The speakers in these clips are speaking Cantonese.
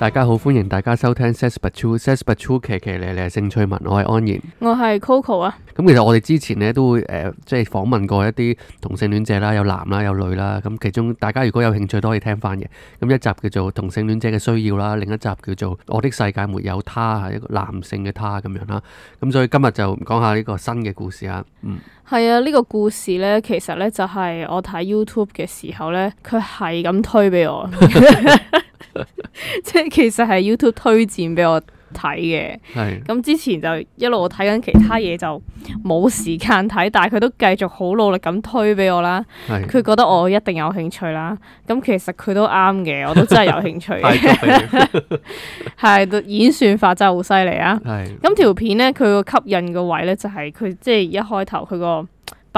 大家好，歡迎大家收聽 says but true，says but true 奇奇咧咧性趣聞，我係安然，我係 Coco 啊。咁其實我哋之前咧都會誒，即係訪問過一啲同性戀者啦，有男啦，有女啦。咁其中大家如果有興趣都可以聽翻嘅。咁一集叫做同性戀者嘅需要啦，另一集叫做我的世界沒有他係一個男性嘅他咁樣啦。咁所以今日就講下呢個新嘅故事啊。嗯。係啊，呢、這個故事咧，其實咧就係我睇 YouTube 嘅時候咧，佢係咁推俾我，即係 其實係 YouTube 推薦俾我。睇嘅，咁之前就一路睇緊其他嘢，就冇時間睇，但係佢都繼續好努力咁推俾我啦。佢是的 覺得我一定有興趣啦。咁其實佢都啱嘅，我都真係有興趣嘅。 係演算法真係好犀利啊！咁條是的 片呢，佢個吸引個位呢，就是，就係佢即係一開頭佢個。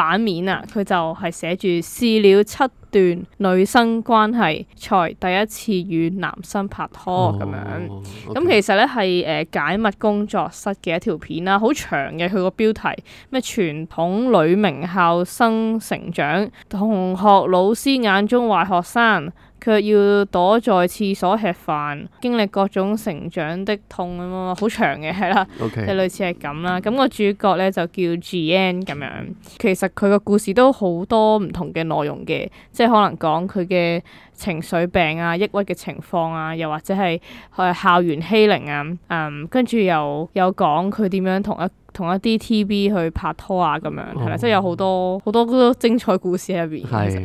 版面啊，佢就係寫住試了七段女生關係，才第一次與男生拍拖咁、哦、樣。咁其實咧係誒解密工作室嘅一條片啦，好長嘅佢個標題咩？傳統女名校生成長，同學老師眼中壞學生。佢要躲在廁所吃飯，經歷各種成長的痛咁啊，好長嘅係啦，即係 Okay. 類似係咁啦。咁個主角咧就叫 G N 咁樣，其實佢個故事都好多唔同嘅內容嘅，即係可能講佢嘅情緒病啊，抑鬱嘅情況啊，又或者係係校園欺凌啊，嗯，跟住又有講佢點樣同一同一啲 TB 去拍拖啊，咁樣係啦，哦、即係有好多好多，多精彩故事喺入邊。咁啊是的、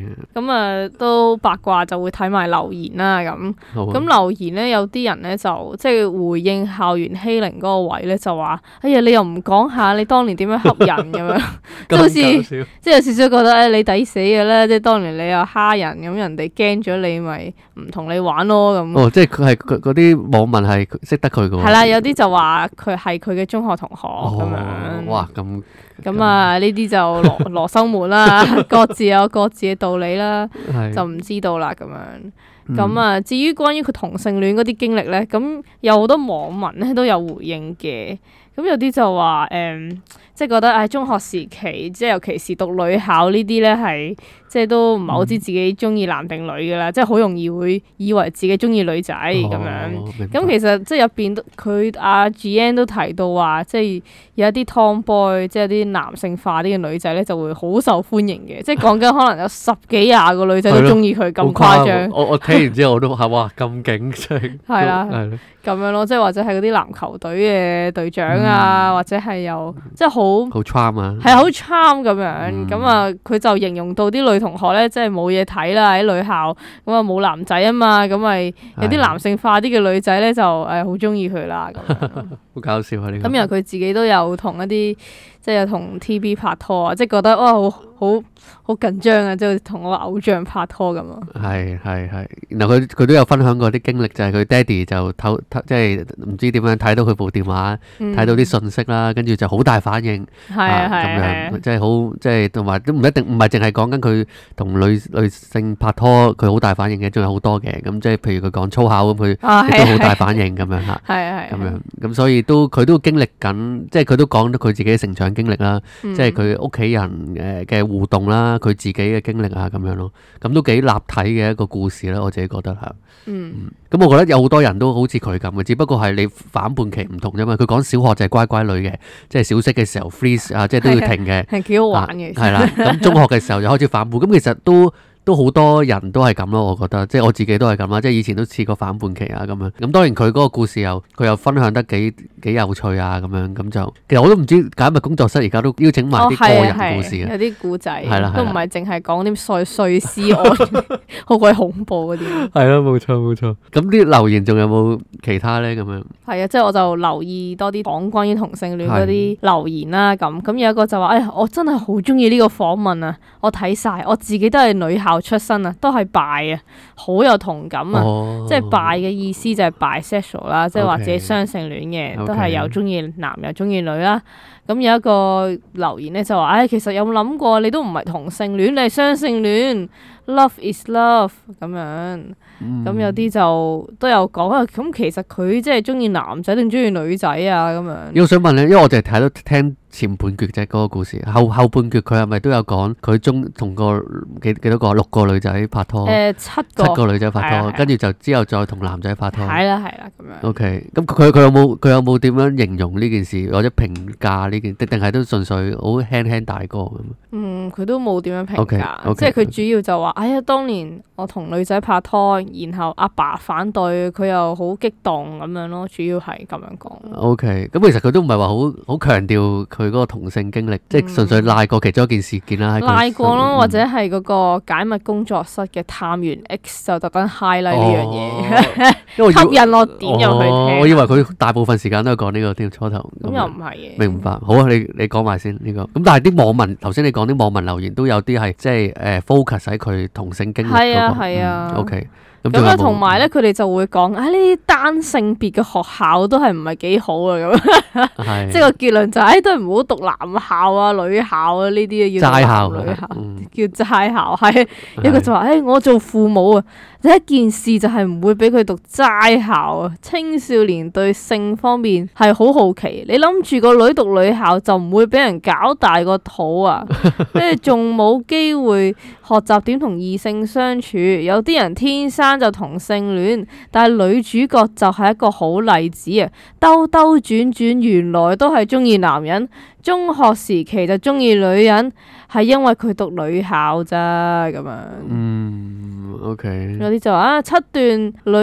嗯，都八卦就會睇埋留言啦，咁咁留言咧，有啲人咧就即係回應校園欺凌嗰個位咧，就話哎呀，你又唔講下你當年點樣恰人咁樣，即係好似即係有少少覺得誒，你抵死嘅啦，即係當年你又蝦人，咁人哋驚咗你咪唔同你玩咯咁、哦。即係佢係嗰啲網民係識得佢嘅。係啦、嗯嗯，有啲就話佢係佢嘅中學同學。哦 哦嗯、哇，咁咁啊，呢啲、啊、就羅羅生門啦， 各自有各自嘅道理啦， 就唔知道啦咁樣。咁啊，嗯、至於關於佢同性戀嗰啲經歷呢，咁有好多網民咧都有回應嘅。咁有啲就話誒。嗯即係覺得，誒、哎、中學時期，即係尤其是讀女校呢啲咧，係、就是、即係都唔係好知自己中意男定女㗎啦。嗯、即係好容易會以為自己中意女仔咁樣，咁、哦、其實即係入邊，佢阿、啊、Gian 都提到話即係有一啲 Tomboy，即係啲男性化啲嘅女仔咧，就會好受歡迎嘅。即係講緊可能有十幾廿個女仔都中意佢咁誇張，我我聽完之後我都嚇，哇咁勁，係係係啦，咁、就是啊、樣咯，即、就、係、是、 或者係嗰啲籃球隊嘅隊長啊，或者係有即係好。 好 charm 啊，係啊好 charm 咁樣，咁啊佢就形容到啲女同學咧，即係冇嘢睇啦喺女校，咁啊冇男仔啊嘛，咁咪有啲男性化啲嘅女仔咧就誒好中意佢啦， 樣 好搞笑啊呢這個，咁然後佢自己都有同一啲。即係同 TV 拍拖啊！即係覺得哇，好好好緊張啊！即係同我偶像拍拖咁啊！係係係，然後佢佢都有分享過啲經歷，就係佢爹地就偷偷即係唔知點樣睇到佢部電話，睇、嗯、到啲信息啦，跟住就好大反應，咁 咁樣即係好即係同埋都唔一定唔係淨係講緊佢同女女性拍拖，佢好大反應嘅，仲有好多嘅咁、嗯，即係譬如佢講粗口咁，佢亦都好大反應咁樣咁樣，咁、嗯嗯、所以都佢都經歷緊，即係佢都講到佢自己成長。 嗯、經歷啦，即係佢屋企人誒嘅互動啦，佢自己嘅經歷啊，咁樣咯，咁都幾立體嘅一個故事啦。我自己覺得吓，嗯，咁、嗯、我覺得有好多人都好似佢咁嘅，只不過係你反叛期唔同啫嘛。佢講小學就係乖乖女嘅，即係小息嘅時候 freeze 啊，即係都要停嘅，係幾、嗯嗯、好玩嘅，係、啊、啦。咁中學嘅時候就開始反叛，咁 其實都。都好多人都係咁咯，我覺得，即係我自己都係咁啦，即係以前都試過反叛期啊咁樣。咁當然佢嗰個故事又佢又分享得幾幾有趣啊咁樣，咁就其實我都唔知解密工作室而家都邀請埋啲、哦啊、個人故事有啲故仔，都唔係淨係講啲碎碎絲愛，好鬼、啊啊、 恐怖嗰啲。係咯、 啊，冇錯冇錯。咁啲留言仲有冇其他呢？咁樣係啊，即係我就留意多啲講關於同性戀嗰啲、啊、留言啦、啊。咁咁有一個就話：哎呀，我真係好中意呢個訪問啊！我睇晒，我自己都係女校出身啊，都係拜啊，好有同感啊，oh。即係拜嘅意思就係 bi sexual 啦，即係或者雙性戀嘅，Okay. 都係又中意男又中意女啦。咁有一個留言咧就話，唉、哎，其實有冇諗過你都唔係同性戀，你係雙性戀。Love is love 咁樣，咁、嗯、有啲就都有講啊。咁其實佢即係中意男仔定中意女仔啊？咁樣。我想問咧，因為我淨係睇到聽前半段啫，嗰個故事後後半段佢係咪都有講佢中同個幾幾多個六個女仔拍拖？誒、呃，七個七個女仔拍拖，跟住、啊啊、就之後再同男仔拍拖。係啦、啊啊，係啦、啊，咁樣。O K，咁佢佢有冇佢有冇點樣形容呢件事或者評價呢件？定定係都純粹好輕輕大個咁啊？樣嗯，佢都冇點樣評價，即係佢主要就話、是。哎呀，當年我同女仔拍拖，然後阿爸,爸反對，佢又好激動咁樣咯，主要係咁樣講。OK，咁其實佢都唔係話好好強調佢嗰個同性經歷，嗯、即係純粹賴過其中一件事件啦。賴過咯，嗯、或者係嗰個解密工作室嘅探員 X 就特登 highlight 呢樣嘢。 因為吸引我點入去，我以為佢、哦、大部分時間都係講呢個啲初頭。咁又唔係。明白。好啊，你你講埋先呢個。咁但係啲網民，頭先你講啲網民留言都有啲係，即係 focus 喺佢同性經歷嗰、嗰個。係啊係啊。O K、啊。嗯 okay. 咁啊，同埋咧，佢哋就會講，哎，呢啲單性別嘅學校都係唔係幾好啊？咁 是，即係個結論就係、是哎，都係唔好讀男校啊、女校啊，呢啲要齋校、女校，校嗯、叫齋校。係是有個就話，哎，我做父母啊，第一件事就係唔會俾佢讀齋校啊。青少年對性方面係好好奇，你諗住個女讀女校就唔會俾人搞大個肚啊？咩仲冇機會？學習點同異性相處，有啲人天生就同性戀，但係女主角就係一個好例子啊！兜兜轉轉，原來都係中意男人。中學時期就中意女人，係因為佢讀女校啫，咁樣。嗯。Okay. 有啲就話啊，七段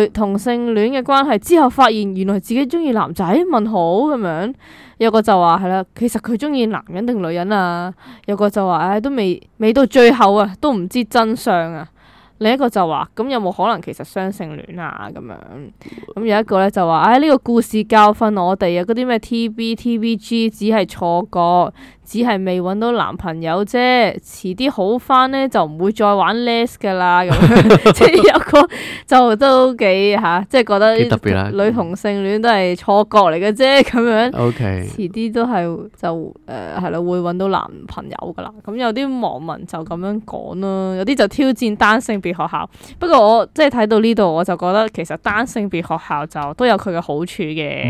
女同性戀嘅關係之後發現原來自己中意男仔，問好咁樣。有個就話係啦，其實佢中意男人定女人啊。有個就話唉、哎，都未未到最後啊，都唔知真相啊。另一個就話咁有冇可能其實雙性戀啊咁樣。咁有一個咧就話唉，呢個故事教訓我哋啊，嗰啲咩 TB、TBG 只係錯覺。只係未揾到男朋友啫，遲啲好翻咧就唔會再玩 less 噶啦，咁樣即係有個就都幾吓、啊，即係覺得女同性戀都係錯覺嚟嘅啫，咁樣，OK，遲啲都係就誒係咯，會揾到男朋友噶啦。咁有啲網民就咁樣講啦，有啲就挑戰單性別學校。不過我即係睇到呢度，我就覺得其實單性別學校就都有佢嘅好處嘅，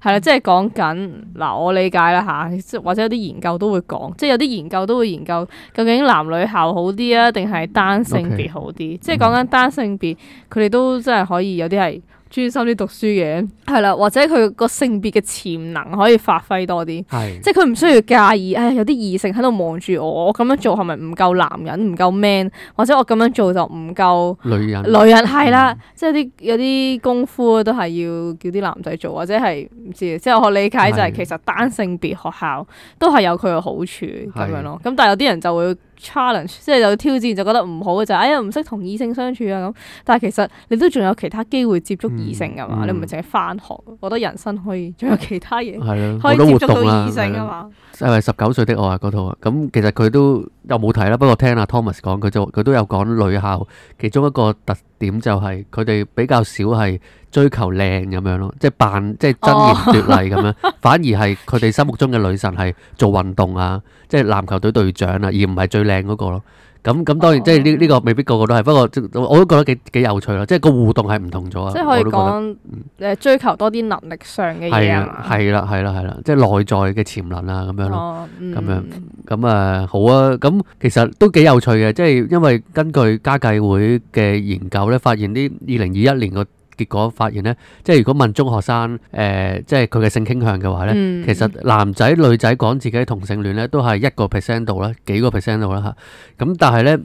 係啦、嗯，即係講緊嗱，我理解啦吓，或者有啲研究。我都會講，即係有啲研究都會研究究竟男女校好啲啊，定係單性別好啲？Okay. 即係講緊單性別，佢哋都真係可以有，有啲係。專心啲讀書嘅係啦，或者佢個性別嘅潛能可以發揮多啲，是即係佢唔需要介意，唉、哎，有啲異性喺度望住我，我咁樣做係咪唔夠男人唔夠 man，或者我咁樣做就唔夠女人，女人係啦，嗯、即係啲有啲功夫都係要叫啲男仔做，或者係唔知，即係我理解就係、是、是其實單性別學校都係有佢嘅好處咁是樣咯。咁但係有啲人就會。challenge 即係就挑戰，就覺得唔好嘅，就哎呀唔識同異性相處啊咁，但係其實你都仲有其他機會接觸異性噶嘛，嗯、你唔係淨係返學，我覺得人生可以仲有其他嘢，可以接觸到異性啊嘛。係咪十九歲的我啊嗰套啊，咁其實佢都有冇睇啦，不過聽阿 Thomas 講，佢就佢都有講女校其中一個特點就係佢哋比較少係。追求靚咁樣咯，即係扮即係爭艷奪麗咁樣，反而係佢哋心目中嘅女神係做運動啊，即係籃球隊隊長啊，而唔係最靚嗰個咯。咁咁當然即係呢呢個未必個個都係，不過我都覺得幾幾有趣咯。即係個互動係唔同咗啊。即係可以講誒，追求多啲能力上嘅嘢啊，係啦係啦係啦，即係內在嘅潛能啊，咁樣咯，咁樣咁啊，好啊。咁其實都幾有趣嘅，即係因為根據家計會嘅研究咧，發現啲二零二一年個。結果發現咧，即係如果問中學生，誒、呃，即係佢嘅性傾向嘅話咧、嗯呃，其實男仔女仔講自己同性戀咧，都係一個 percent 度啦，幾個 percent 度啦吓。咁但係咧，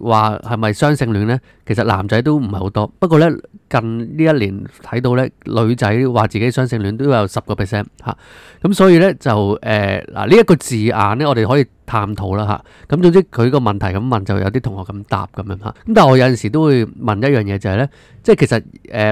誒，話係咪雙性戀咧？其實男仔都唔係好多，不過咧近呢一年睇到，咧女仔話自己雙性戀都有十個 percent 吓。咁、啊、所以咧就誒，嗱呢一個字眼咧，我哋可以。探討啦嚇，咁總之佢個問題咁問，就有啲同學咁答咁樣嚇。咁但係我有陣時都會問一樣嘢就係、是、咧，即係其實誒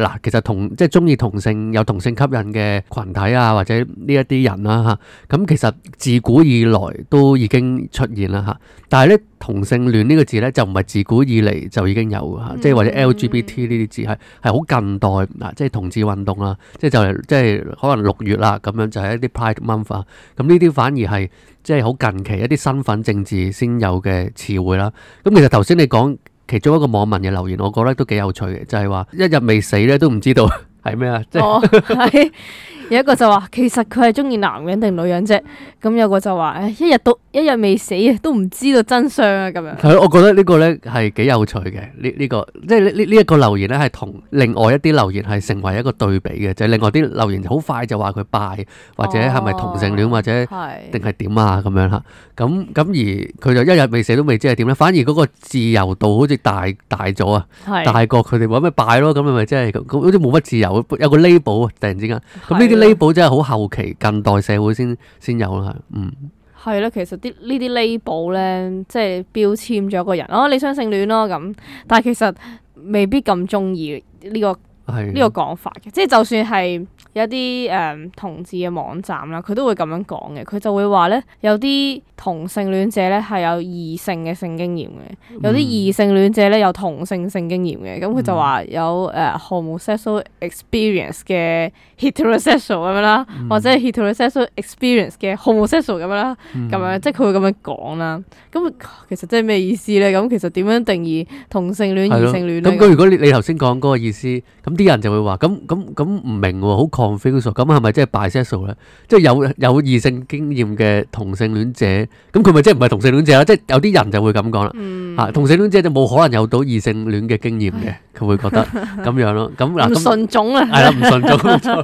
嗱、呃，其實同即係中意同性有同性吸引嘅群體啊，或者呢一啲人啦、啊、嚇，咁、啊、其實自古以來都已經出現啦嚇，但係咧。同性戀呢個字呢，就唔係自古以嚟就已經有嘅，即係或者 LGBT 呢啲字係係好近代嗱，嗯、即係同志運動啦，即係就係即係可能六月啦咁樣就係、是、一啲 Pride Month 咁呢啲，反而係即係好近期一啲身份政治先有嘅詞彙啦。咁其實頭先你講其中一個網民嘅留言，我覺得都幾有趣嘅，就係、是、話一日未死呢都唔知道係咩啊，即係我。 有一個就話，其實佢係中意男人定女人啫。咁有個就話，唉，一日都一日未死啊，都唔知道真相啊，咁樣。係我覺得個呢個咧係幾有趣嘅，呢、這、呢個即係呢呢一個留言咧係同另外一啲留言係成為一個對比嘅，就係、是、另外啲留言好快就話佢拜或者係咪同性戀、啊、或者定係點啊咁樣吓，咁咁而佢就一日未死都未知係點咧，反而嗰個自由度好似大大咗啊，大，是大過佢哋，話咩拜咯？咁咪咪即係咁？好似冇乜自由，有個 label 突然之間咁呢啲。label 真係好後期近代社會先先有啦，嗯，係咯，其實啲呢啲 label 咧，即係標籤咗個人啊、哦，你雙性戀咯咁，但係其實未必咁中意呢個呢的個講法嘅，即係就算係。一啲誒、嗯、同志嘅網站啦，佢都會咁樣講嘅。佢就會話咧，有啲同性戀者咧係有異性嘅性經驗嘅，嗯、有啲異性戀者咧有同性性經驗嘅。咁佢就話有誒、uh, homosexual experience 嘅 heterosexual 咁樣啦、嗯，或者 heterosexual experience 嘅 homosexual 咁、嗯、樣啦，咁、就是、樣即係佢會咁樣講啦。咁其實即係咩意思咧？咁其實點樣定義同性戀、異性戀咧？咁如果你你頭先講嗰個意思，咁啲人就會話：咁咁咁唔明喎，好狂！feel 數咁係咪即係 bisexual 咧？即係有有異性經驗嘅同性戀者，咁佢咪即係唔係同性戀者囉。即係有啲人就會咁講啦。嗯，吓同性戀者就冇可能有到異性戀嘅經驗嘅，佢會覺得咁樣咯。咁嗱，唔純種啊，係啦，唔純種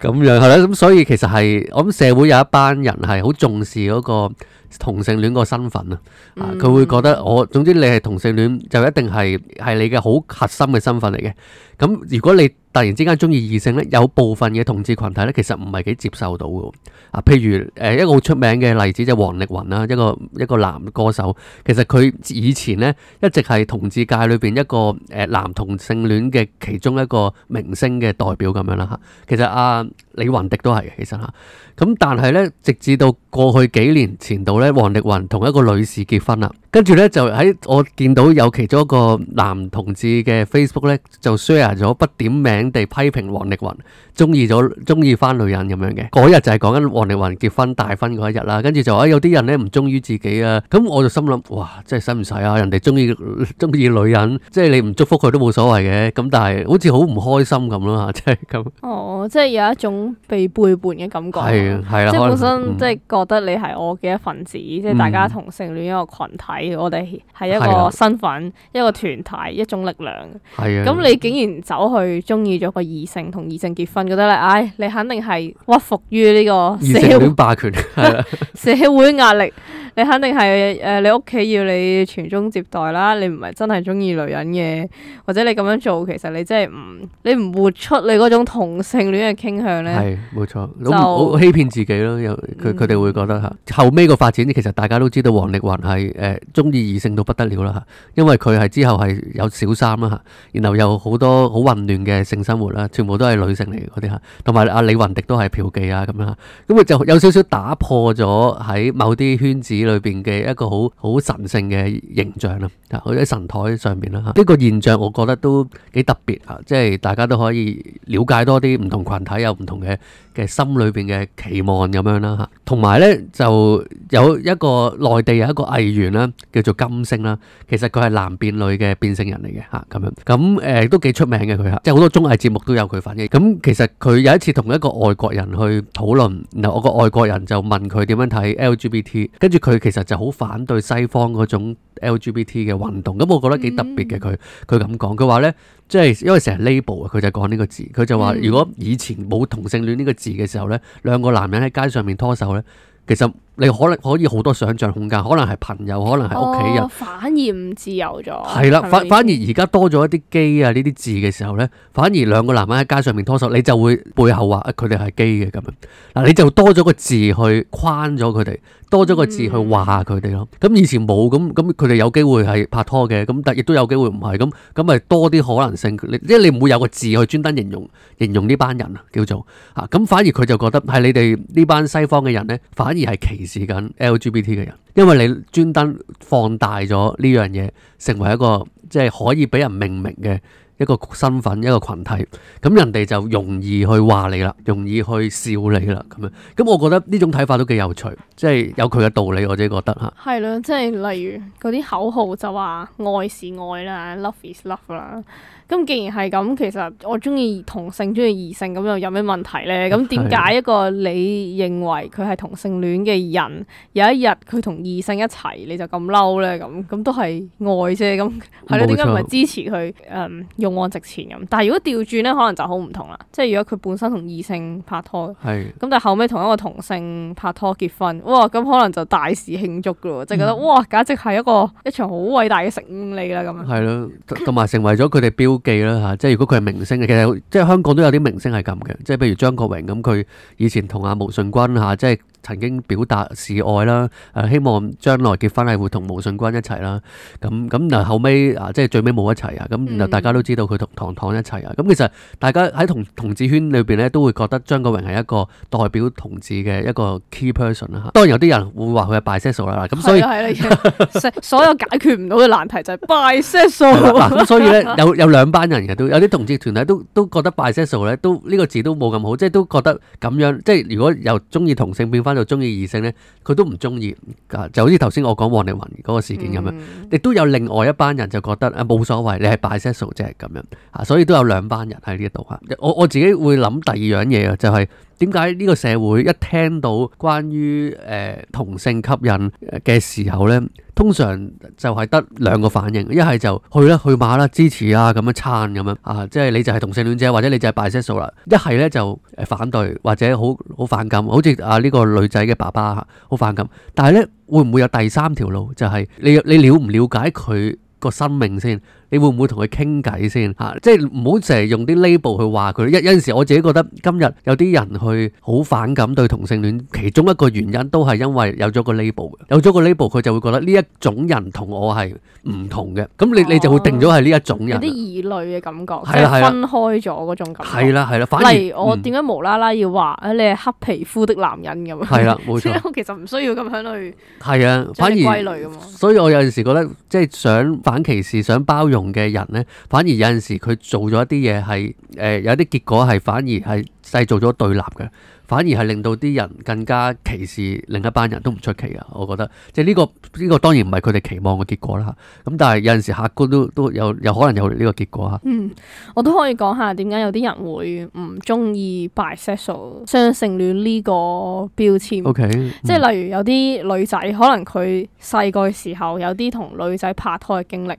咁樣係啦。咁所以其實係，我諗社會有一班人係好重視嗰個同性戀個身份啊。啊，佢會覺得我總之你係同性戀就一定係係你嘅好核心嘅身份嚟嘅。咁如果你突然之間中意異性咧，有部分嘅同志群體咧，其實唔係幾接受到嘅喎。啊，譬如誒一個好出名嘅例子就係王力宏啦，一個一個男歌手，其實佢以前咧一直係同志界裏邊一個誒男同性戀嘅其中一個明星嘅代表咁樣啦嚇。其實阿李雲迪都係其實嚇。咁但係咧，直至到過去幾年前度咧，王力宏同一個女士結婚啦。跟住咧就喺我見到有其中一個男同志嘅 Facebook 咧，就 share 咗不點名地批評王力宏中意咗中意翻女人咁樣嘅。嗰日就係講緊王力宏結婚大婚嗰一日啦，跟住就話、哎、有啲人咧唔中意自己啊。咁我就心諗哇，真係使唔使啊？人哋中意中意女人，即係你唔祝福佢都冇所謂嘅。咁但係好似好唔開心咁咯，即係咁。哦，即係有一種被背叛嘅感覺。係啊，係啦。即係本身即係、嗯、覺得你係我嘅一份子，即係大家同性戀一個群體。我哋係一個身份，的一個團體，一種力量。咁的，你竟然走去中意咗個異性，同異性結婚，覺得咧，唉、哎，你肯定係屈服於呢個異性戀霸權， 社會壓力，你肯定係誒、呃，你屋企要你傳宗接代啦，你唔係真係中意女人嘅，或者你咁樣做，其實你真係唔，你唔活出你嗰種同性戀嘅傾向呢？係冇錯，錯就好欺騙自己咯。又佢佢哋會覺得吓、嗯、後尾個發展，其實大家都知道，王力宏係誒。呃中意異性到不得了啦嚇，因為佢係之後係有小三啦嚇，然後有好多好混亂嘅性生活啦，全部都係女性嚟嗰啲嚇，同埋阿李雲迪都係嫖妓啊咁樣，咁佢就有少少打破咗喺某啲圈子裏邊嘅一個好好神聖嘅形象啦，喺神台上面啦嚇，呢個現象我覺得都幾特別嚇，即係大家都可以了解多啲唔同群體有唔同嘅嘅心裏邊嘅期望咁樣啦嚇，同埋呢就有一個內地有一個藝員啦。叫做金星啦，其實佢係男變女嘅變性人嚟嘅嚇，咁樣咁誒都幾出名嘅佢嚇，即係好多綜藝節目都有佢份嘅。咁其實佢有一次同一個外國人去討論，嗱，我個外國人就問佢點樣睇 LGBT，跟住佢其實就好反對西方嗰種 LGBT 嘅運動。咁我覺得幾特別嘅佢，佢咁講，佢話呢，即係因為成日 label 啊，佢就講呢個字，佢就話如果以前冇同性戀呢個字嘅時候呢，兩個男人喺街上面拖手呢，其實。你可能可以好多想像空間，可能係朋友，可能係屋企人，反而唔自由咗。係啦，反反而而家多咗一啲基啊呢啲字嘅時候咧，反而兩個男人喺街上面拖手，你就會背後話佢哋係基嘅咁樣。嗱，你就多咗個字去框咗佢哋，多咗個字去話佢哋咯。咁、嗯、以前冇咁咁，佢哋有機會係拍拖嘅，咁但亦都有機會唔係咁，咁咪多啲可能性。你即係你唔會有個字去專登形容形容呢班人啊，叫做啊咁。反而佢就覺得係你哋呢班西方嘅人咧，反而係歧視緊 LGBT 嘅人，因為你專登放大咗呢樣嘢，成為一個即係可以俾人命名嘅一個身份一個群體，咁人哋就容易去話你啦，容易去笑你啦咁樣。咁我覺得呢種睇法都幾有趣，即係有佢嘅道理，我自己覺得嚇。係咯，即係例如嗰啲口號就話愛是愛啦，Love is love 啦。咁既然係咁，其實我中意同性，中意異性咁又有咩問題咧？咁點解一個你認為佢係同性戀嘅人，的有一日佢同異性一齊你就咁嬲咧？咁咁都係愛啫，咁係咯？點解唔係支持佢？誒、嗯、勇往直前咁？但係如果調轉咧，可能就好唔同啦。即係如果佢本身同異性拍拖，咁的但係後尾同一個同性拍拖結婚，哇！咁可能就大事慶祝噶喎，即係、嗯、覺得哇，簡直係一個一場好偉大嘅勝利啦咁樣係咯，同埋成為咗佢哋標。 記啦吓，即係如果佢係明星嘅，其實即係香港都有啲明星係咁嘅，即係比如張國榮咁，佢以前同阿毛舜筠，吓，即係。曾經表達示愛啦，誒希望將來結婚係會同毛舜筠一齊啦，咁咁嗱後尾啊即係最尾冇一齊啊，咁然後大家都知道佢同唐唐一齊啊，咁其實大家喺同同志圈裏邊咧都會覺得張國榮係一個代表同志嘅一個 key person 啦，嚇，當然有啲人會話佢係 bisexual 啦，咁所以，係啊係啊，所所有解決唔到嘅難題就係 bisexual。嗱咁所以咧有有兩班人嘅都有啲同志團體都都覺得 bisexual 咧都呢個字都冇咁好，即係都覺得咁樣，即係如果又中意同性變翻。就中意異性呢，佢都唔中意。啊， 就好似頭先我講王力宏嗰個事件咁樣，亦都有另外一班人就覺得啊冇所謂，你係 bisexual 就係咁樣啊，所以都有兩班人喺呢一度吓。我我自己會諗第二樣嘢嘅就係。 點解呢個社會一聽到關於誒、呃、同性吸引嘅時候呢，通常就係得兩個反應，一係就去啦去馬啦支持啊咁樣撐咁樣啊，即係你就係同性戀者，或者你就係 bisexual 啦。一係呢，就誒反對或者好好反感，好似啊呢、這個女仔嘅爸爸好反感。但係呢，會唔會有第三條路，就係、是、你你了唔了解佢個生命先？你會唔會同佢傾偈先嚇？即係唔好成日用啲 label 去話佢。有有陣時我自己覺得今日有啲人去好反感對同性戀，其中一個原因都係因為有咗個 label 有咗個 label 佢就會覺得呢一種人我同我係唔同嘅。咁你、啊、你就會定咗係呢一種人。有啲異類嘅感覺，即係、啊啊、分開咗嗰種感覺。係啦係啦，反而例、嗯、我點解無啦啦要話你係黑皮膚的男人咁？係 啦、啊，冇錯。所以我其實唔需要咁樣去。係啊，反而所以我有陣時覺得即係想反歧視，想包容。嘅人呢，反而有陣時佢做咗一啲嘢，係誒有啲結果係反而係製造咗對立嘅，反而係令到啲人更加歧視另一班人都唔出奇啊。我覺得即係、呢個、呢個呢、呢個當然唔係佢哋期望嘅結果啦。咁但係有陣時客觀都都有都有，有可能有呢個結果啊。嗯，我都可以講下點解有啲人會唔中意 bisexual 雙性戀呢個標籤。Okay，、嗯、即係例如有啲女仔可能佢細個嘅時候有啲同女仔拍拖嘅經歷。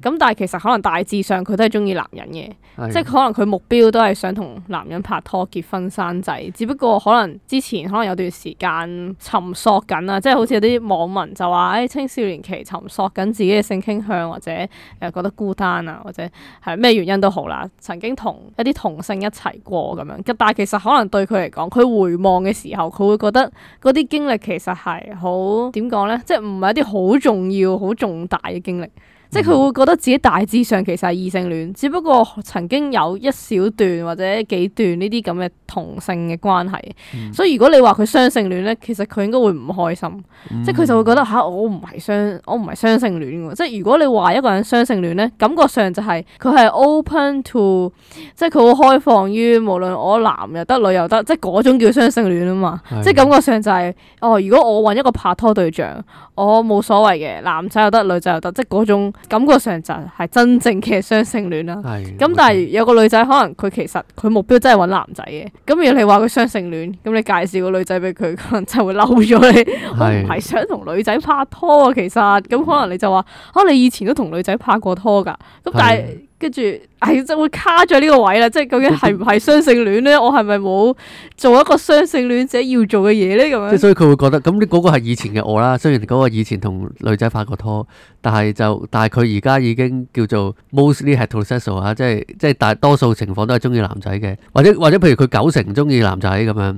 咁，嗯、但係其實可能大致上佢都係中意男人嘅，嗯、即係可能佢目標都係想同男人拍拖、結婚、生仔。只不過可能之前可能有段時間沉索緊啊，即係好似有啲網民就話，誒、哎、青少年期沉索緊自己嘅性傾向，或者誒覺得孤單啊，或者係咩原因都好啦。曾經同一啲同性一齊過咁樣，但係其實可能對佢嚟講，佢回望嘅時候，佢會覺得嗰啲經歷其實係好點講呢？即係唔係一啲好重要、好重大嘅經歷。即係佢會覺得自己大致上其實係異性戀，只不過曾經有一小段或者幾段呢啲咁嘅同性嘅關係。嗯、所以如果你話佢雙性戀咧，其實佢應該會唔開心，嗯、即係佢就會覺得吓、啊、我唔係雙我唔係雙性戀嘅。即係如果你話一個人雙性戀咧，感覺上就係佢係 open to，即係佢會開放於無論我男又得女又得，即係嗰種叫雙性戀啊嘛。係即係感覺上就係、是、哦，如果我揾一個拍拖對象，我冇所謂嘅，男仔又得女仔又得，即係嗰種。感覺上就係真正嘅雙性戀啦。咁是但係有個女仔的可能佢其實佢目標真係揾男仔嘅。咁如果你話佢雙性戀，咁你介紹個女仔俾佢，可能就會嬲咗你。的我唔係想同女仔拍拖啊，其實咁可能你就話，可能，啊，你以前都同女仔拍過拖噶。咁但係跟住。的係即係會卡咗呢個位啦，即係究竟係唔係雙性戀咧？我係咪冇做一個雙性戀者要做嘅嘢咧？咁樣即所以佢會覺得咁，你嗰個係以前嘅我啦。雖然嗰個以前同女仔拍過拖，但係就但係佢而家已經叫做 mostly heterosexual 啊，即係即係大多數情況都係中意男仔嘅，或者或者譬如佢九成中意男仔咁樣，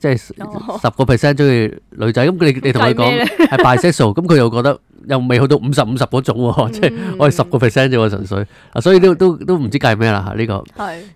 即係十個 percent 中意女仔。咁、oh, 你你同佢講係 bisexual，咁佢又覺得又未去到五十五十嗰種喎，即係我係十個 percent 啫，純粹所以都都都。都都唔知計咩啦，吓呢個，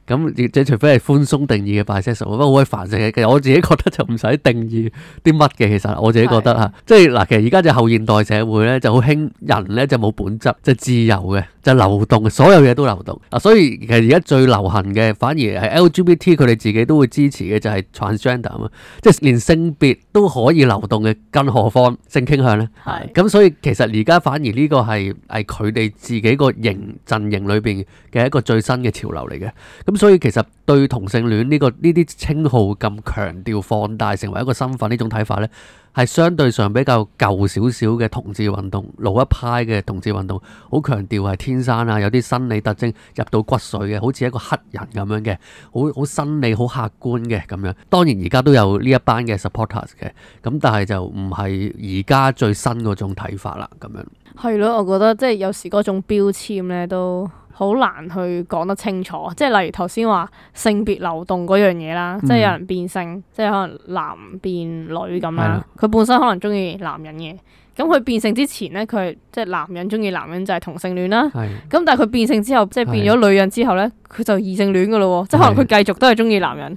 咁即係除非係寬鬆定義嘅 process，不過好鬼煩死嘅。其實我自己覺得就唔使定義啲乜嘅，其實我自己覺得吓，即係嗱，其實而家就後現代社會咧就好興人咧就冇本質，即係自由嘅。就流動，所有嘢都流動啊！所以其實而家最流行嘅，反而係 LGBT 佢哋自己都會支持嘅，就係、是、transgender 啊，即係連性別都可以流動嘅，更何況性傾向呢？係咁是，所以其實而家反而呢個係係佢哋自己個型陣營裏邊嘅一個最新嘅潮流嚟嘅。咁所以其實對同性戀呢、呢個呢啲稱號咁強調放大，成為一個身份呢種睇法呢。係相對上比較舊少少嘅同志運動，老一派嘅同志運動，好強調係天生啊，有啲生理特徵入到骨髓嘅，好似一個黑人咁樣嘅，好好生理好客觀嘅咁樣。當然而家都有呢一班嘅 supporters 嘅，咁但係就唔係而家最新嗰種睇法啦咁樣。係咯，我覺得即係有時嗰種標籤咧都。好難去講得清楚，即係例如頭先話性別流動嗰樣嘢啦，嗯、即係有人變性，即係可能男變女咁樣。佢、嗯、本身可能中意男人嘅，咁佢變性之前呢，佢即係男人中意男人就係同性戀啦。咁是但係佢變性之後，即係變咗女人之後呢，佢是就異性戀噶咯，是即係可能佢繼續都係中意男人。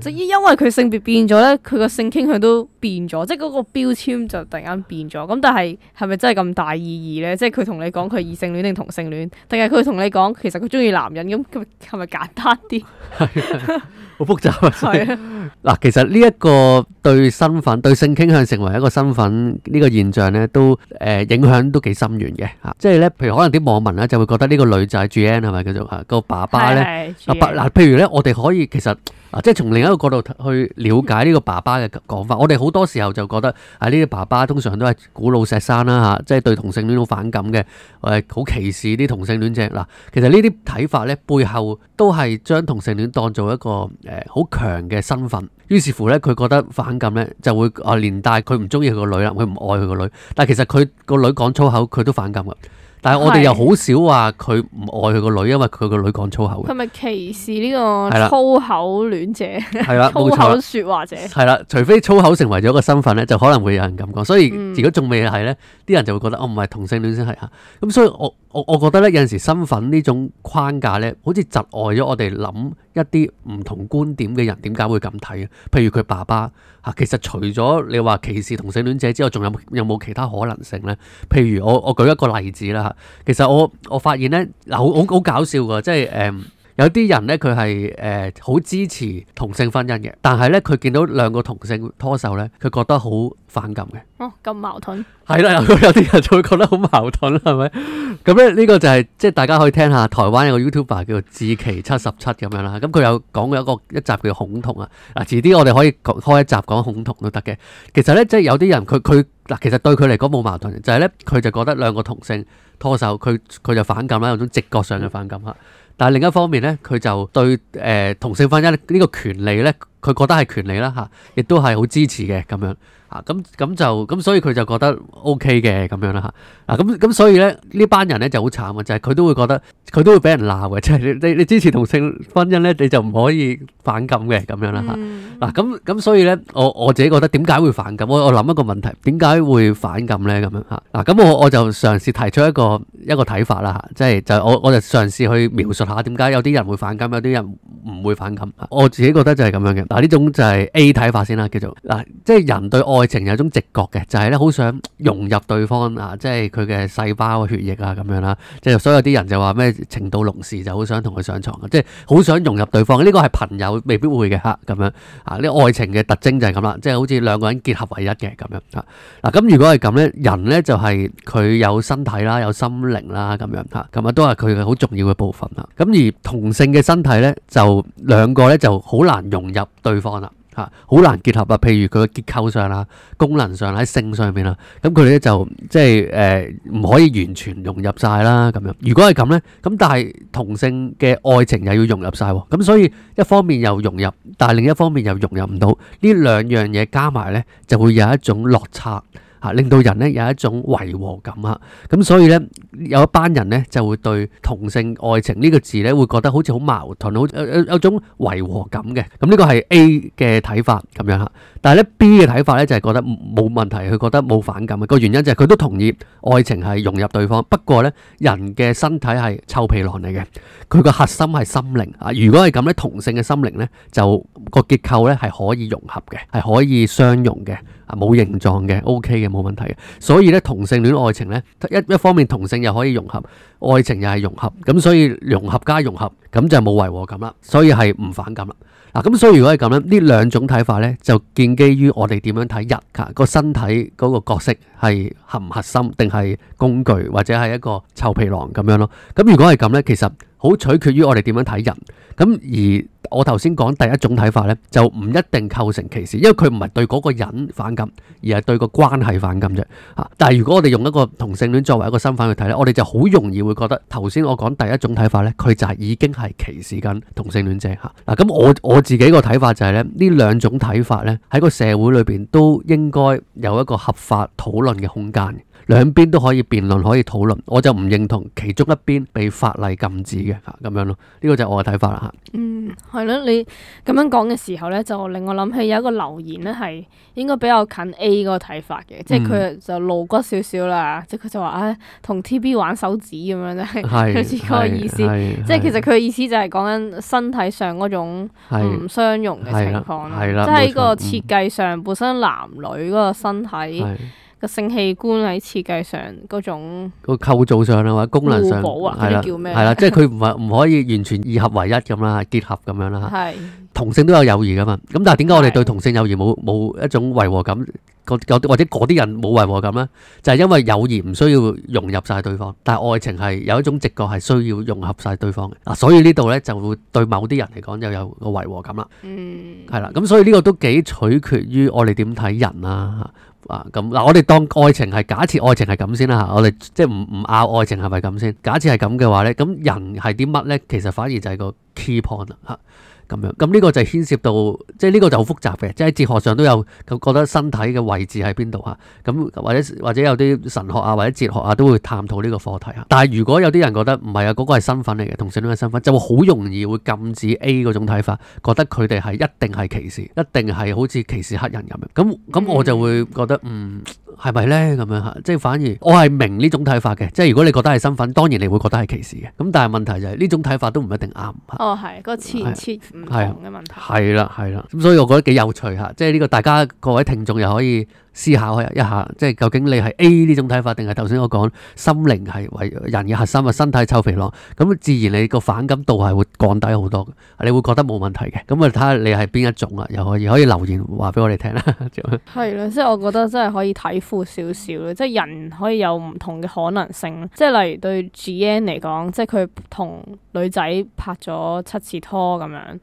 即係因因為佢性別變咗咧，佢個性傾向都變咗，即係嗰個標籤就突然間變咗。咁但係係咪真係咁大意義咧？即係佢同你講佢異性戀定同性戀，定係佢同你講其實佢中意男人咁，咁係咪簡單啲？係好複雜啊！嗱 係呀， 其實呢一個對身份、對性傾向成為一個身份呢、這個現象咧，都誒影響都幾深遠嘅吓。即係咧，譬如可能啲網民咧就會覺得呢個女仔 G N 係咪叫做啊個爸爸咧阿伯嗱？譬如咧，我哋可以其實。啊！即係從另一個角度去了解呢個爸爸嘅講法，我哋好多時候就覺得啊，呢啲爸爸通常都係古老石山啦吓，啊，即係對同性戀好反感嘅，誒、啊，好歧視啲同性戀者。嗱，啊，其實呢啲睇法呢，背後都係將同性戀當做一個誒好強嘅身份，於是乎呢，佢覺得反感呢，就會啊連帶佢唔中意佢個女啦，佢唔愛佢個女，但係其實佢個女講粗口佢都反感嘅。但係我哋又好少話佢唔愛佢個女，因為佢個女講粗口。佢咪歧視呢個粗口戀者？係啦了，冇錯。粗口說話者係啦，除非粗口成為咗個身份咧，就可能會有人咁講。所以如果仲未係咧，啲人就會覺得我唔係同性戀先係吓。咁所以我。我我覺得咧有陣時身份呢種框架咧，好似窒礙咗我哋諗一啲唔同觀點嘅人點解會咁睇啊？譬如佢爸爸嚇，其實除咗你話歧視同性戀者之外，仲有有冇其他可能性咧？譬如我我舉一個例子啦嚇，其實我我發現咧嗱，好好好搞笑㗎，即係誒。Um, 有啲人咧，佢係誒，好支持同性婚姻嘅，但係咧佢見到兩個同性拖手咧，佢覺得好反感嘅哦，咁矛盾係啦，有啲人就會覺得好矛盾，係咪？咁咧呢個就係、是、即係大家可以聽下台灣有個 YouTuber 叫做志祺七十七咁樣啦。咁、嗯、佢有講過一個一集叫《恐同》啊嗱，遲啲我哋可以開一集講恐同都得嘅。其實咧，即係有啲人佢佢嗱，其實對佢嚟講冇矛盾，就係咧佢就覺得兩個同性拖手，佢佢就反感啦，有種直覺上嘅反感吓。但係另一方面咧，佢就對誒、呃、同性婚姻呢個權利咧，佢覺得係權利啦吓、啊，亦都係好支持嘅咁樣。咁咁就咁，所以佢就覺得 O K 嘅咁樣啦，嚇啊。咁咁所以咧，呢班人咧，就好慘嘅，就係佢都會覺得佢都會俾人鬧嘅，即係你你支持同性婚姻咧，你就唔可以反感嘅咁樣啦，嚇嗱。咁咁所以咧，我我自己覺得點解會反感？我我諗一個問題，點解會反感咧？咁樣嚇嗱，咁我我就嘗試提出一個一個睇法啦，嚇，即係就我我就嘗試去描述下點解有啲人會反感，有啲人唔會反感。我自己覺得就係咁樣嘅嗱，呢種就係 A 睇法先啦，叫做嗱，即係人對愛。愛情有一種直覺嘅，就係咧好想融入對方啊，即係佢嘅細胞、血液啊咁樣啦。即係所有啲人就話咩情到濃時就好想同佢上床嘅，即係好想融入對方。呢個係朋友未必會嘅嚇咁樣啊。呢愛情嘅特徵就係咁啦，即係好似兩個人結合為一嘅咁樣嚇嗱。咁如果係咁咧，人咧就係佢有身體啦，有心靈啦咁樣嚇，咁啊都係佢嘅好重要嘅部分啦。咁而同性嘅身體咧，就兩個咧就好難融入對方啦。好難結合啊！譬如佢嘅結構上啦、功能上啦、喺性上面啦，咁佢哋咧就即係誒唔可以完全融入晒啦咁樣。如果係咁呢，咁但係同性嘅愛情又要融入曬，咁所以一方面又融入，但係另一方面又融入唔到，呢兩樣嘢加埋呢，就會有一種落差。嚇令到人咧有一種違和感啊，咁所以咧有一班人咧就會對同性愛情呢個字咧會覺得好似好矛盾，好誒有種違和感嘅，咁呢個係 A 嘅睇法咁樣嚇。但係咧 B 嘅睇法咧就係覺得冇問題，佢覺得冇反感嘅個原因就係佢都同意愛情係融入對方，不過咧人嘅身體係臭皮囊嚟嘅，佢個核心係心靈啊。如果係咁咧，同性嘅心靈咧就個結構咧係可以融合嘅，係可以相融嘅啊，冇形狀嘅，OK 嘅，冇問題嘅。所以咧同性戀愛情咧一一方面同性又可以融合，愛情又係融合，咁所以融合加融合咁就冇違和感啦，所以係唔反感啦。嗱，咁、啊嗯、所以如果係咁咧，兩呢兩種睇法咧，就建基於我哋點樣睇人，個、啊、身體嗰個角色係核唔核心，定係工具或者係一個臭皮囊咁樣咯。咁、啊嗯、如果係咁咧，其實好取決於我哋點樣睇人。咁而我頭先講第一種睇法呢，就唔一定構成歧視，因為佢唔係對嗰個人反感，而係對個關係反感啫。吓，但係如果我哋用一個同性戀作為一個身份去睇呢，我哋就好容易會覺得頭先我講第一種睇法呢，佢就係已經係歧視緊同性戀者吓。嗱、啊，咁我我自己個睇法就係、是、呢：呢兩種睇法呢，喺個社會裏邊都應該有一個合法討論嘅空間。兩邊都可以辯論，可以討論，我就唔認同其中一邊被法例禁止嘅吓咁樣咯。呢、呢個就係我嘅睇法啦吓。嗯，係啦，你咁樣講嘅時候咧，就令我諗起有一個留言咧，係應該比較近 A 嗰個睇法嘅，嗯、即係佢就露骨少少啦，即係佢就話唉，同、啊、TB 玩手指咁樣啫，類似嗰個意思。即係其實佢嘅意思就係講緊身體上嗰種唔相容嘅情況，即係喺個設計上、嗯、本身男女嗰個身體。個性器官喺設計上嗰種個構造上啊，或者功能上，係啦，即係佢唔係唔可以完全二合為一咁啦，結合咁樣啦。係同性都有友誼噶嘛，咁但係點解我哋對同性友誼冇冇一種違和感？嗰嗰或者嗰啲人冇違和感咧，就係因為友誼唔需要融入晒對方，但係愛情係有一種直覺係需要融合晒對方嘅嗱，所以呢度咧就會對某啲人嚟講又有個違和感啦。嗯，係啦，咁所以呢個都幾取決於我哋點睇人啦。啊咁嗱、啊，我哋當愛情係，假設愛情係咁先啦吓，我哋即係唔唔拗，愛情係咪咁先？假設係咁嘅話咧，咁、啊、人係啲乜咧？其實反而就係個 key point 吓、啊。咁樣，咁呢個就牽涉到，即係呢個就好複雜嘅，即係哲學上都有佢覺得身體嘅位置喺邊度吓，咁或者或者有啲神學啊或者哲學啊都會探討呢個課題啊。但係如果有啲人覺得唔係啊，嗰、嗰個係身份嚟嘅，同性戀嘅身份就會好容易會禁止 A 嗰種睇法，覺得佢哋係一定係歧視，一定係好似歧視黑人咁樣。咁咁我就會覺得，嗯，係咪呢？咁樣即係反而我係明呢種睇法嘅，即係如果你覺得係身份，當然你會覺得係歧視嘅。咁但係問題就係、係、呢種睇法都唔一定啱嚇。哦，係係啊，係啦，係啦，咁所以我覺得幾有趣吓，即係呢個大家各位聽眾又可以。思考一下，即係究竟你係 A 呢種睇法，定係頭先我講心靈係為人嘅核心啊？身體臭皮囊咁，自然你個反感度係會降低好多嘅，你會覺得冇問題嘅。咁啊，睇下你係邊一種啊？又可以可以留言話俾我哋聽啦。係 啦，即係我覺得真係可以睇闊少少，即係人可以有唔同嘅可能性。即係例如對 G N 嚟講，即係佢同女仔拍咗七次拖咁樣。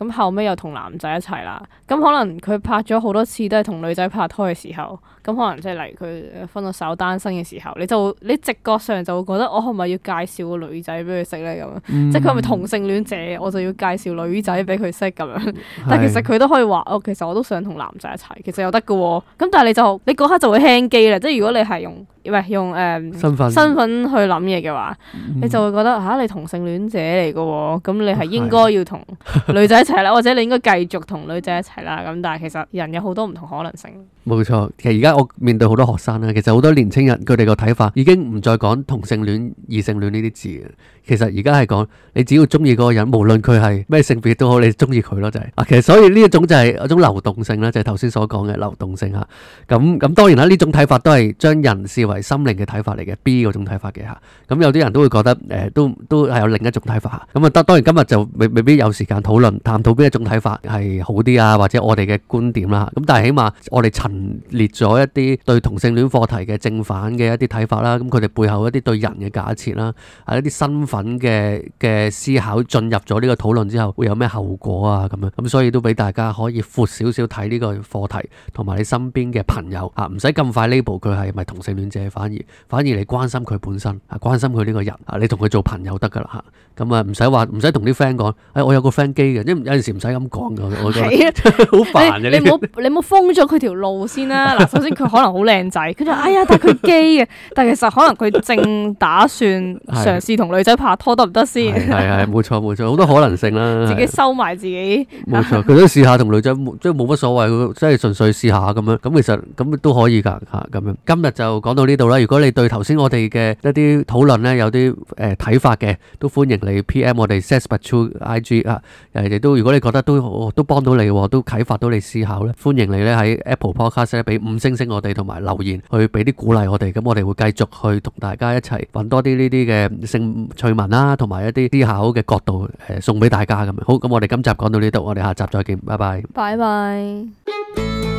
咁後尾又同男仔一齊啦，咁可能佢拍咗好多次都係同女仔拍拖嘅時候，咁可能即係例如佢分咗手單身嘅時候，你就你直覺上就會覺得我係咪要介紹個女仔俾佢識咧？咁樣。嗯、即係佢係咪同性戀者？我就要介紹女仔俾佢識咁樣。但其實佢都可以話是哦，其實我都想同男仔一齊，其實又得㗎喎。咁但係你就你嗰刻就會輕機啦，即係如果你係用。唔用誒、嗯、身份分 身份去諗嘢嘅話，你就會覺得嚇、嗯啊、你同性戀者嚟嘅喎，咁你係應該要同女仔一齊啦，啊、 或者你應該繼續同女仔一齊啦。咁但係其實人有好多唔同可能性。冇錯，其實而家我面對好多學生咧，其實好多年青人佢哋個睇法已經唔再講同性戀、異性戀呢啲字。其實而家係講你只要鍾意嗰個人，無論佢係咩性別都好，你鍾意佢咯就係、係。啊、就係，其實所以呢一種就係一種流動性啦，就係頭先所講嘅流動性嚇。咁、嗯、咁、嗯、當然啦，呢種睇法都係將人為心靈嘅睇法嚟嘅，B 嗰種睇法嘅吓，咁有啲人都會覺得，誒、呃，都都係有另一種睇法吓，咁啊，得當然今日就未未必有時間討論探討邊一種睇法係好啲啊，或者我哋嘅觀點啦，咁但係起碼我哋陳列咗一啲對同性戀課題嘅正反嘅一啲睇法啦，咁佢哋背後一啲對人嘅假設啦，係一啲身份嘅嘅思考進入咗呢個討論之後會有咩後果啊，咁樣，咁所以都俾大家可以闊少少睇呢個課題同埋你身邊嘅朋友啊，唔使咁快 label 佢係咪同性戀者。反而反而你關心佢本身，啊，關心佢呢個人，啊你同佢做朋友得噶啦吓，咁啊唔使話，唔使同啲 friend 講，誒、哎、我有個 friend 基嘅，即有陣時唔使咁講噶，我覺得好煩、啊 啊、你唔好你唔好封咗佢條路先啦、啊。嗱， 首先佢可能好靚仔，佢就哎呀，但佢基嘅， 但其實可能佢正打算嘗試同女仔拍拖得唔得先？係係、啊，冇錯冇錯，好 多可能性啦。自己收埋自己，冇錯、啊，佢都試下同女仔即係冇乜所謂，即係純粹試下咁樣。咁其實咁都可以噶吓，咁樣，樣，樣，樣。今日就講到。呢度啦，如果你對頭先我哋嘅一啲討論咧有啲誒睇法嘅，都歡迎你 PM 我哋 Saspatu IG 啊，亦都如果你覺得都都幫到你，都啟發到你思考咧，歡迎你咧喺 Apple Podcast 咧俾五星星我哋，同埋留言去俾啲鼓勵我哋，咁我哋會繼續去同大家一齊搵多啲呢啲嘅性趣聞，啦，同埋一啲思考嘅角度誒送俾大家咁啊。好，咁我哋今集講到呢度，我哋下集再見，拜拜。拜拜。